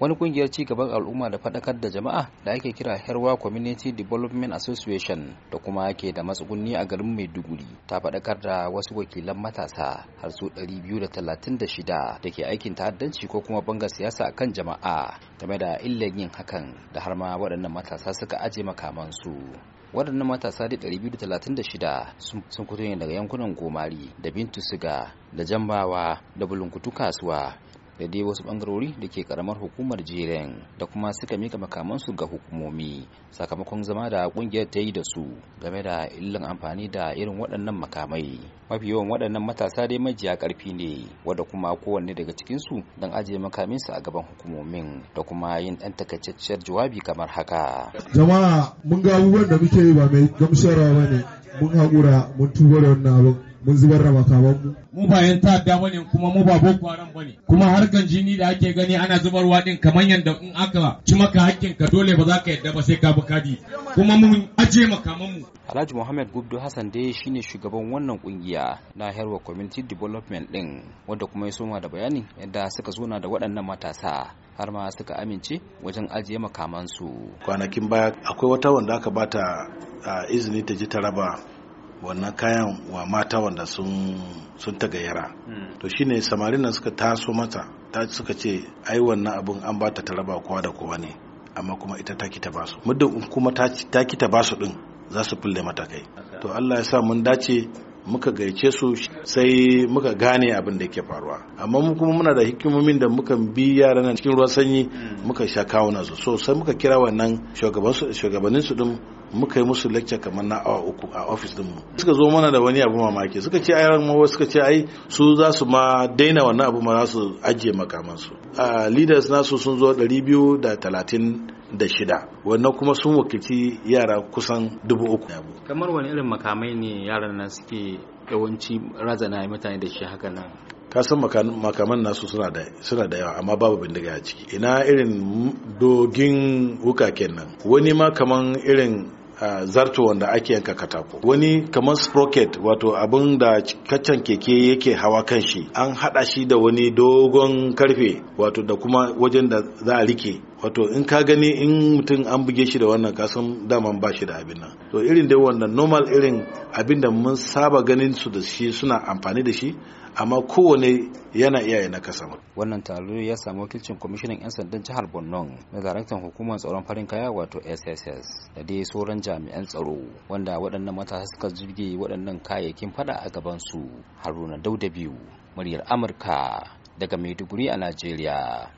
wani kungiyar ci gaban al'umma da faɗakar da jama'a da ake kira herwa community development association da kuma ake da matsugunni a garin maiduguri ta faɗakar da wasu wakilan matasa har su 236 da ke aikin ta'addanci ko kuma bangar siyasa a kan jama'a game da illan yin hakan da har ma waɗannan matasa suka aje makamansu waɗannan matasa da 236 sun kuto ne daga yankunan gomari da bintu siga da jambawa da bulunkutu kasuwa da dai wasu bangarori da ke karamar hukumar jeren da kuma suka mika makamansu ga hukumomi sakamakon zama da kungiyar ta yi da su game da illan amfani da irin waɗannan makamai mafi yawan waɗannan matasa dai majiya ƙarfi ne wadda kuma kowanne daga cikinsu don ajiye makaminsu a gaban hukumomin da kuma yin ɗan takaitacciyar jawabi kamar haka jama'a mun ga abubuwan da muke yi ba mai gamsarwa ne mun haƙura mun tuba da wannan abin mun zubar da makamanmu mu ba yan ta'adda bane kuma mu ba boko haram bane kuma harkan jini da ake gani ana zubarwa din kamar yanda in aka ci maka hakkin ka dole ba za ka yadda ba sai ka bi kadi kuma mu aje makaman mu Alhaji Muhammad Gubdu Hassan dai shine shugaban wannan kungiya na Herwa Community Development din wanda kuma ya soma da bayani yadda suka na da waɗannan matasa har ma suka amince wajen ajiye makamansu. Kwanakin baya akwai wata wanda aka bata ah, izini ta ji ta raba wannan kayan wa mata wanda sun sun tagayyara to shine samarin nan suka taso mata ta suka ce ai wannan abun an ba ta taraba kowa da kowa ne amma kuma ita ta kita ba su. muddin kuma ta kita ba su din za su fille mata kai to Allah ya sa mun dace muka gaice su sai muka gane abin da yake faruwa amma mu kuma muna da hikimomin da muka bi yaran nan cikin ruwan sanyi hmm. muka sha kawuna su so sai muka kira wannan shugabannin su din muka yi musu lecture kamar na awa uku a office din mu suka zo mana da wani abu mamaki suka ce ayaran mawa suka ce ai su za su ma daina wannan abu ma za su ajiye makaman makamansu leaders nasu sun zo biyu da shida wannan kuma sun wakilci yara kusan dubu kamar wani irin makamai ne yaran nan suke yawanci razana mutane da shi haka nan ka san makaman nasu suna da yawa amma babu bindiga a ciki ina irin dogin wukaken nan wani ma kaman irin zarto wanda ake yanka katako wani kamar sprocket wato abin da kaccan keke yake hawa kan shi an hada shi da wani dogon karfe wato da kuma wajen da za a rike wato in ka gani in mutum an buge shi da wannan kasan daman ba shi da abin nan to irin dai wannan normal irin abin da mun saba ganin su da shi suna amfani da shi amma kowane yana iya na kasa wannan taro ya samu wakilcin kwamishinan 'yan sandan jihar borno na daraktan hukumar tsaron farin kaya wato sss da dai sauran jami'an tsaro wanda waɗannan matasa suka jirge waɗannan kayayyakin fada a gaban su haruna dauda biyu muryar amurka daga maiduguri a najeriya